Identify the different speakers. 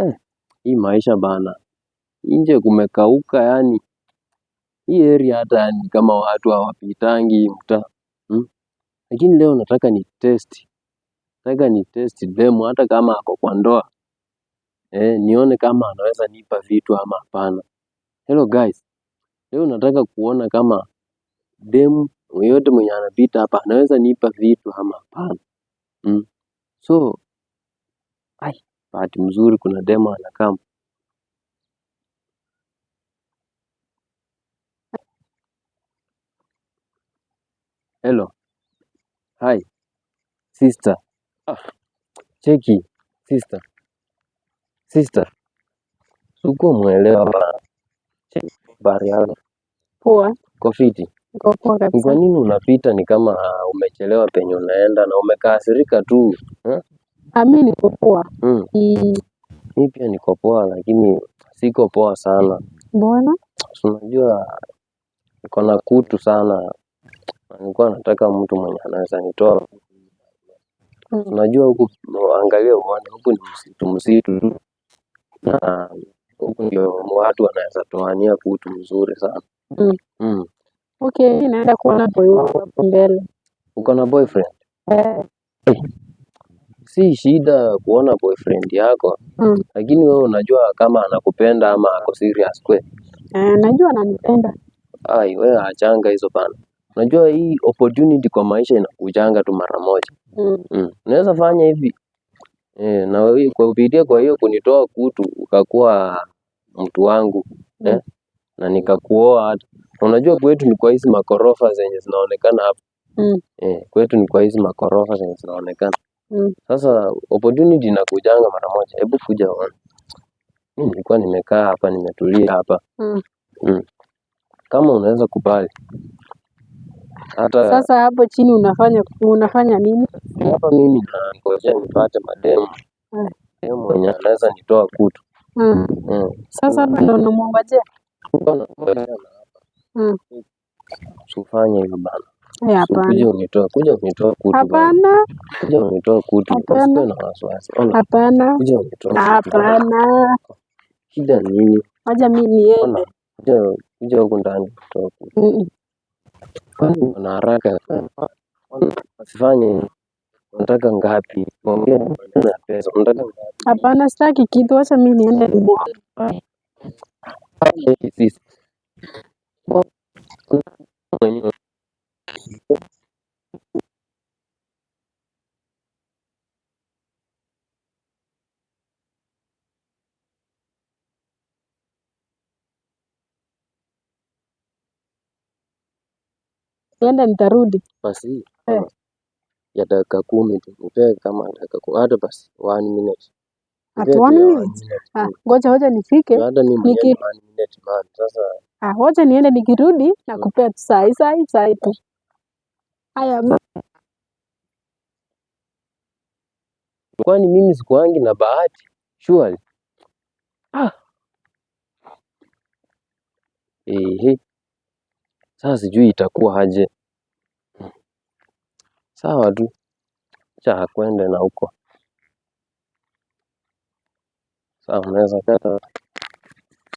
Speaker 1: Eh, hii maisha bana, nje kumekauka yani, hii area hata yani kama watu hawapitangi mta hmm? Lakini leo nataka ni test, nataka ni test demu hata kama ako kwa ndoa eh, nione kama anaweza nipa vitu ama hapana. Hello guys, leo nataka kuona kama demu yoyote mwenye anapita hapa anaweza nipa vitu ama hapana hmm? So Bahati mzuri kuna dema anakaa Hello. Hi. Sister. Ah. Cheki. Sister. Sister. Sikuwa mwelewa Habari yako? Poa, Kofiti. Kwa nini unapita ni kama umechelewa penye unaenda na umekaasirika tu?
Speaker 2: Mi niko poa.
Speaker 1: Hmm. Mi pia niko poa lakini siko poa sana. Mbona? Unajua niko na kutu sana, nilikuwa nataka mtu mwenye anaweza nitoa. Mm. Unajua huku, angalia uone huku ni msitu msitu tu, na huku ndio watu wanaweza toania kutu mzuri sana. Mm. Mm.
Speaker 2: Okay, naenda kuona boy wangu hapo mbele.
Speaker 1: Uko na boyfriend?
Speaker 2: Eh. eh
Speaker 1: si shida kuona boyfriend yako mm. Lakini wewe unajua kama anakupenda ama ako serious kwe?
Speaker 2: Eh, najua ananipenda.
Speaker 1: Ai, wewe achanga hizo pana Unajua hii opportunity kwa maisha inakujanga tu mara moja mm. Mm. Unaweza fanya hivi eh, na kwa kupitia kwa hiyo kunitoa kutu ukakuwa mtu wangu eh? mm. eh? na nikakuoa hata. Unajua kwetu ni kwa hizi makorofa zenye zinaonekana hapa mm. Eh, kwetu ni kwa hizi makorofa zenye zinaonekana Mm. Sasa opportunity inakujanga mara moja, hebu kuja uone. Mimi nilikuwa nimekaa hapa nimetulia hapa mm. Mm. Kama unaweza kubali hata
Speaker 2: sasa hapo chini unafanya unafanya nini
Speaker 1: hapa? Mimi nangojea nipate mademu mm. mwenye anaweza nitoa kutu mm. Mm.
Speaker 2: Sasa hapa ndo namwongojea, mm.
Speaker 1: sufanya hiyo bana.
Speaker 2: Eh, kuja kunitoa kutu. Hapana. Hapana. Hapana.
Speaker 1: Shida nini?
Speaker 2: Wacha mimi niende.
Speaker 1: Kuja huku ndani una haraka? Usifanye. Unataka ngapi? Ongea
Speaker 2: Hapana, sitaki kitu. Wacha mimi niende. Mwenyewe Nikienda nitarudi. Basi Eh,
Speaker 1: ya dakika kumi tu, nipee kama dakika kumi, hata basi one minute,
Speaker 2: at one minute. minute ngoja hoja nifike.
Speaker 1: hata ni Niki, one minute man.
Speaker 2: Ah, hoja ah, niende nikirudi na mm. kupea tu sai sai sai tu. Haya m-
Speaker 1: kwani mimi sikuangi na bahati surely? Ah, ehe, sasa sijui itakuwa aje. Sawa tu. cha akwende na huko. Sawa, unaweza kata